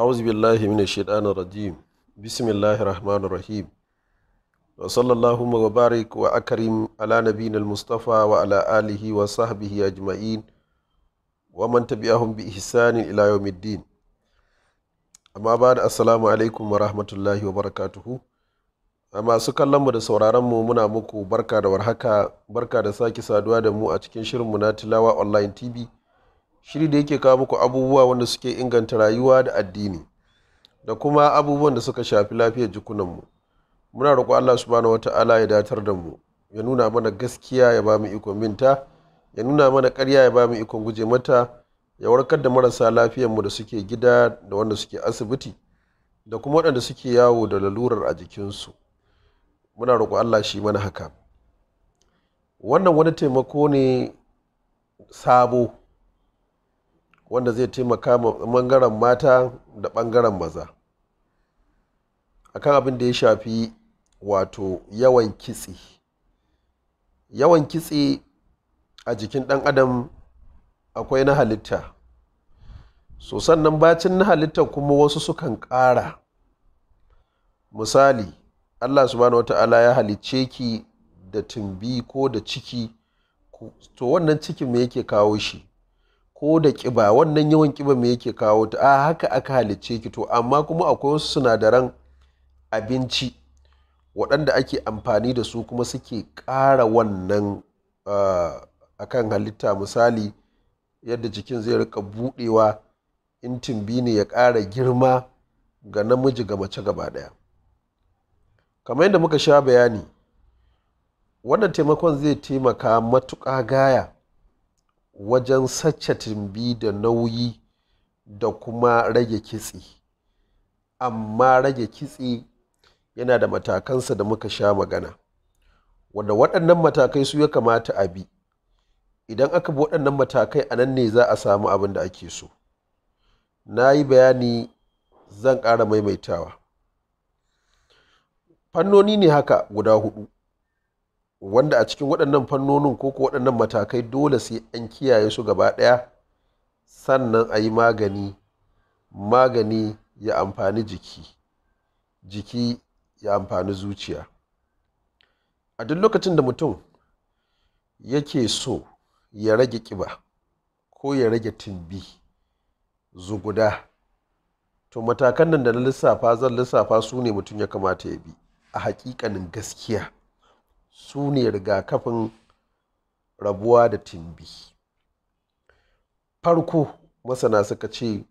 أعوذ بالله من الشيطان الرجيم بسم الله الرحمن الرحيم وصلى اللهم وبارك وأكرم على نبينا المصطفى وعلى آله وصحبه أجمعين ومن تبعهم بإحسان إلى يوم الدين amma ba da assalamu alaikum wa rahmatullahi wa barakatuhu masu kallonmu da sauraronmu muna muku barka da warhaka barka da sake saduwa da mu a cikin shirinmu na tilawa online tv shiri da yake kawo muku abubuwa wanda suke inganta rayuwa da addini da kuma abubuwan da suka shafi lafiyar jikunanmu muna roƙo Allah subhanahu wata'ala ya datar da mu ya nuna mana gaskiya ya ba mu ikon minta, ya nuna mana ƙarya ya ba mu ikon guje mata ya warkar da marasa mu da suke gida da wanda suke asibiti da kuma waɗanda suke yawo da lalurar a jikinsu muna roƙo Allah shi mana haka wannan wani taimako ne sabo wanda zai taimaka ma ɓangaren mata da ɓangaren maza akan abin da ya shafi wato yawan kitse yawan kitse a jikin ɗan adam akwai na halitta so sannan bacin na halitta kuma wasu sukan ƙara misali allah subhanahu wata'ala ya halicce ki da tumbi ko da ciki to wannan cikin me yake kawo shi ko da ƙiba wannan yawan ƙiba me yake kawo ta a haka aka halicce ki to amma kuma akwai wasu sinadaran abinci waɗanda ake amfani da su kuma suke ƙara wannan a kan halitta misali yadda jikin zai rika buɗewa in ne ya ƙara girma ga namiji ga mace gaba ɗaya kamar yadda muka sha bayani wannan taimakon zai taimaka matuƙa gaya wajen sacce tumbi da nauyi da kuma rage kitse amma rage kitse yana da matakansa da muka sha magana wanda waɗannan matakai su ya kamata a bi idan aka bi waɗannan matakai a nan ne za a samu abin da ake so na yi bayani zan ƙara maimaitawa fannoni ne haka guda hudu wanda a cikin waɗannan fannonin ko waɗannan matakai dole sai an kiyaye su gaba ɗaya sannan a yi magani magani ya amfani jiki jiki ya amfani zuciya a duk lokacin da mutum yake so ya rage ƙiba ko ya rage tumbi zuguda to matakan nan da na lissafa zan lissafa su ne mutum ya kamata ya bi a haƙiƙanin gaskiya su ne rigakafin rabuwa da timbi farko masana suka ce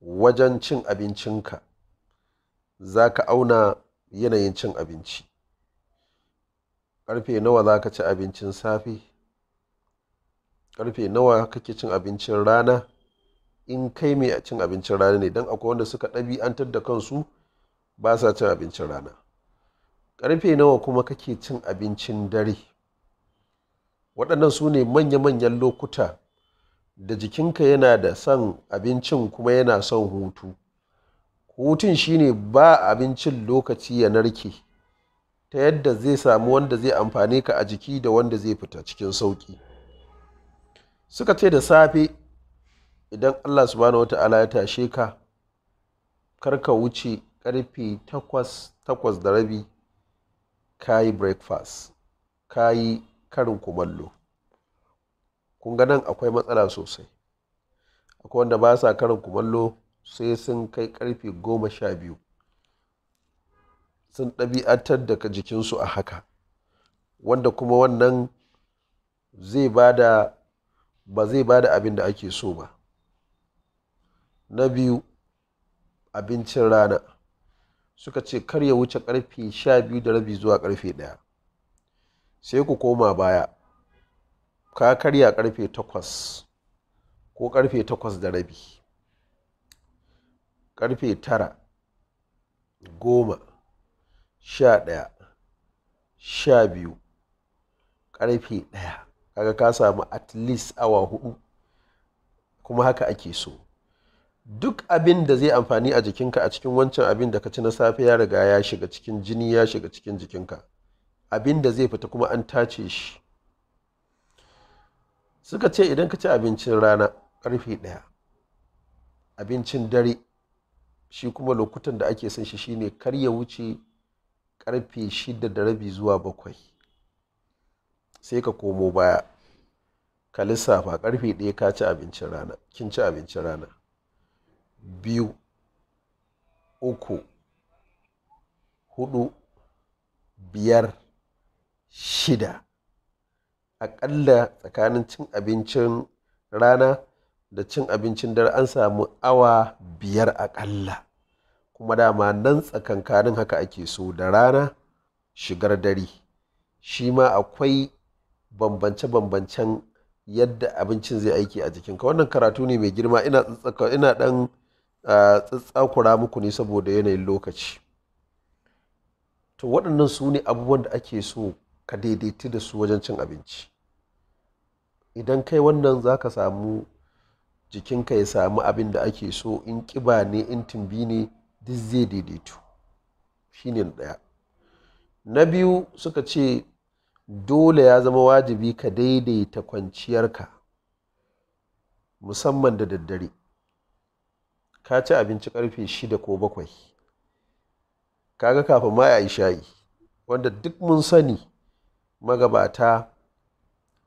wajen cin abincinka za ka auna yanayin cin abinci karfe nawa za ka ci abincin safe karfe nawa kake cin abincin rana in kai mai cin abincin rana ne don akwai wanda suka ɗabi'antar da kansu ba sa cin abincin rana ƙarfe nawa kuma kake cin abincin dare waɗannan su ne manya-manyan lokuta da jikinka yana da son abincin kuma yana son hutu hutun shine ba abincin lokaci ya narke ta yadda zai samu wanda zai amfani ka a jiki da wanda zai fita cikin sauƙi suka ce da safe idan allah subhanahu wata'ala ya tashe ka karka wuce karfe takwas takwas da rabi Kayi yi breakfast ka karin kumallo kun ga nan akwai matsala sosai akwai wanda ba sa karin kumallo sai sun kai karfe goma sha biyu sun ɗabi'atar da jikinsu a haka wanda kuma wannan zai bada ba zai bada abin da ake so ba na biyu abincin rana suka ce kar ya wuce karfe sha biyu da rabi zuwa ƙarfe ɗaya sai ku koma baya ka karya karfe takwas ko ƙarfe takwas da rabi karfe tara goma sha ɗaya sha biyu karfe ɗaya kaga ka samu at least awa hudu kuma haka ake so duk abin da zai amfani a jikinka a cikin wancan abin da ka ci na safe ya riga ya shiga cikin jini ya shiga cikin jikinka abin da zai fita kuma an tace shi suka ce idan ka ci abincin rana karfe ɗaya abincin dare shi kuma lokutan da ake son shi shine kar ya wuce karfe shida da rabi zuwa bakwai sai ka komo baya ka lissafa karfe ɗaya ka ci abincin rana kin ci abincin rana biyu uku hudu biyar shida aƙalla tsakanin cin abincin rana da cin abincin dare an samu awa biyar aƙalla kuma dama nan tsakankanin haka ake so da rana shigar dare shi ma akwai bambance-bambancen yadda abincin zai aiki a jikinka wannan karatu ne mai girma ina ina tsakura muku ne saboda yanayin lokaci to waɗannan su ne abubuwan da ake so ka daidaitu da su wajen cin abinci idan kai wannan za ka samu jikinka ya samu abin da ake so in ƙiba ne in tumbi ne duk zai daidaitu Shi shine ɗaya na biyu suka ce dole ya zama wajibi ka daidaita kwanciyarka musamman da daddare ka ci abinci karfe shida ko bakwai Ka ga kafin ma ya shayi wanda duk mun sani magabata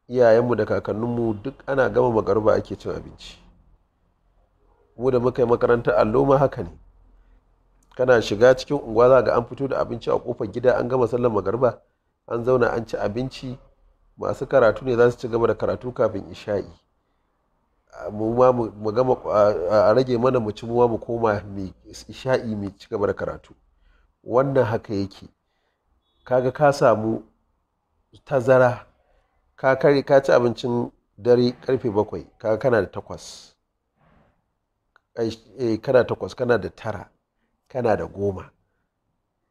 iyayenmu da kakanninmu duk ana gama magarba ake cin abinci mu da muka yi makarantar allo ma haka ne kana shiga cikin unguwa za ga an fito da abinci a kofar gida an gama sallar magarba an zauna an ci abinci masu karatu ne za su ci gaba da karatu kafin isha'i mu ma mu gama a rage mana mu ci mu mu koma mai sha'i mai ci gaba da karatu wannan haka yake kaga ka samu tazara ka kare ka ci abincin dare karfe bakwai kaga kana da takwas eh, kana takwas kana da tara kana da goma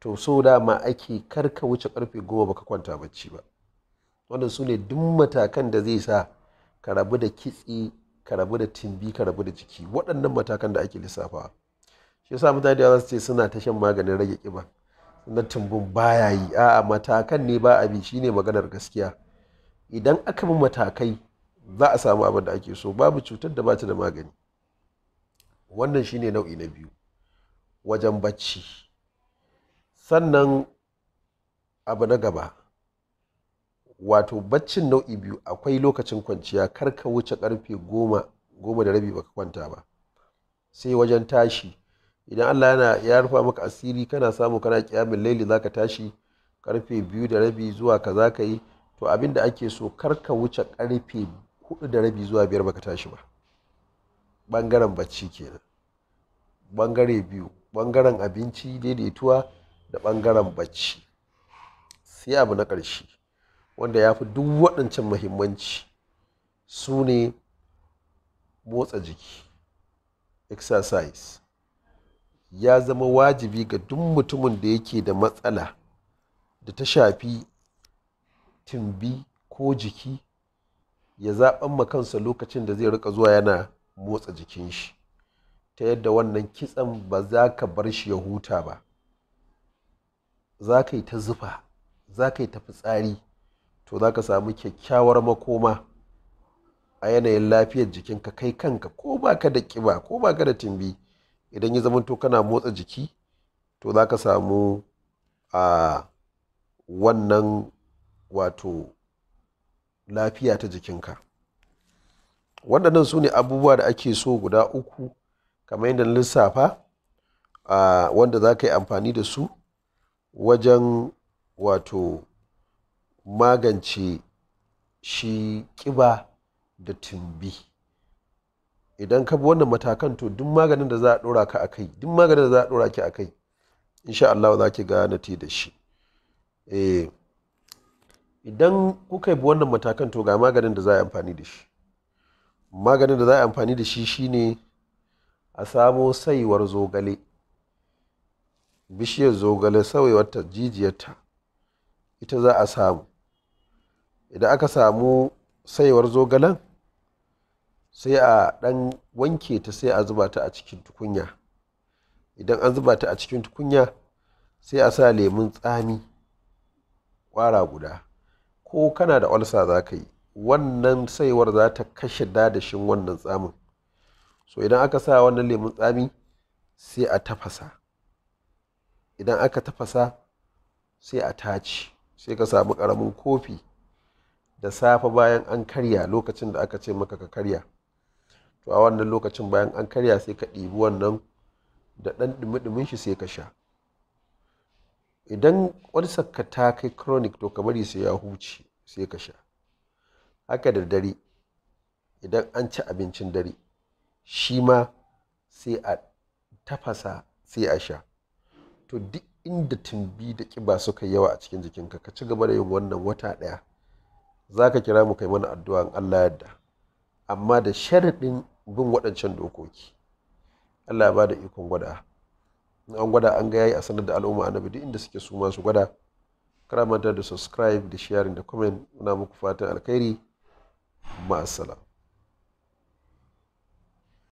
to so dama ake karka wuce karfe goma baka kwanta bacci ba wannan su ne duk matakan da zai sa ka rabu da kitse ka rabu da timbi ka rabu da jiki waɗannan matakan da ake lissafawa shi yasa mutane da su ce suna ta shan maganin rage kiba na tumbun baya yi a'a matakan ne ba a bi shine maganar gaskiya idan aka bi matakai za a samu abin da ake so babu cutar da bata da magani wannan shine nau'i na biyu wajen bacci sannan abu na gaba wato baccin nau'i biyu akwai lokacin kwanciya kar ka wuce karfe goma goma da rabi baka kwanta ba sai wajen tashi idan Allah yana ya rufa maka asiri kana samu kana kiyamin laili zaka tashi karfe biyu da rabi zuwa ka za ka yi to abinda ake so kar ka wuce karfe hudu da rabi zuwa biyar baka tashi ba bangaren bacci kenan bangare biyu bangaren abinci daidaituwa da bangaren bacci sai abu na ƙarshe wanda ya fi duk waɗancan mahimmanci su ne motsa jiki exercise ya zama wajibi ga duk mutumin da yake da matsala da ta shafi timbi ko jiki ya zaɓan kansa lokacin da zai rika zuwa yana motsa jikin shi ta yadda wannan kitsan ba za ka bar shi ya huta ba za ka yi ta zufa za ka yi ta fitsari to za ka samu kyakkyawar makoma a yanayin lafiyar jikinka kai kanka ko ba ka da kiba ko ba ka da timbi idan ya zamanto kana motsa jiki to za ka samu a wannan wato lafiya ta jikinka waɗannan su ne abubuwa da ake so guda uku kamar yadda lissafa wanda za ka yi amfani da su wajen wato magance shi ƙiba da tumbi idan ka bi wannan matakan to duk maganin da za a ɗora ka a kai duk maganin da za a ɗora ki a kai insha Allah za ki gane ti da shi eh idan kuka bi wannan matakan to ga maganin da za a yi amfani da shi maganin da za a yi amfani da shi shine a samo saiwar zogale bishiyar zogale sauyewar ta jijiyarta ita za a samu idan aka samu saiwar zogalen sai a dan wanke ta sai a zuba ta a cikin tukunya idan an zuba ta a cikin tukunya sai a sa lemun tsami kwara guda ko kana da olsa za ka yi wannan saiwar za ta kashe dadashin wannan tsamin so idan aka sa wannan lemun tsami sai a tafasa idan aka tafasa sai a taci sai ka samu ƙaramin kofi da safe bayan an karya lokacin da aka ce maka ka karya to a wannan lokacin bayan an karya sai ka ɗibi wannan da ɗan ɗumi-ɗumin shi sai ka sha idan ka ta kai chronic to ka bari sai ya huce sai ka sha haka da dare idan an ci abincin dare shi ma sai a tafasa sai a sha to duk inda tumbi da ƙiba suka yawa a cikin jikinka ka ci gaba da yin wannan wata ɗaya za ka kira mu kai mana addu'a in Allah yadda amma da sharaɗin bin waɗancan dokoki Allah ya bada ikon gwada in an gwada an ga yayi a sanar da al'umma annabi duk inda suke su ma su gwada kara da subscribe da sharing da comment muna muku fatan alkhairi ma'assalam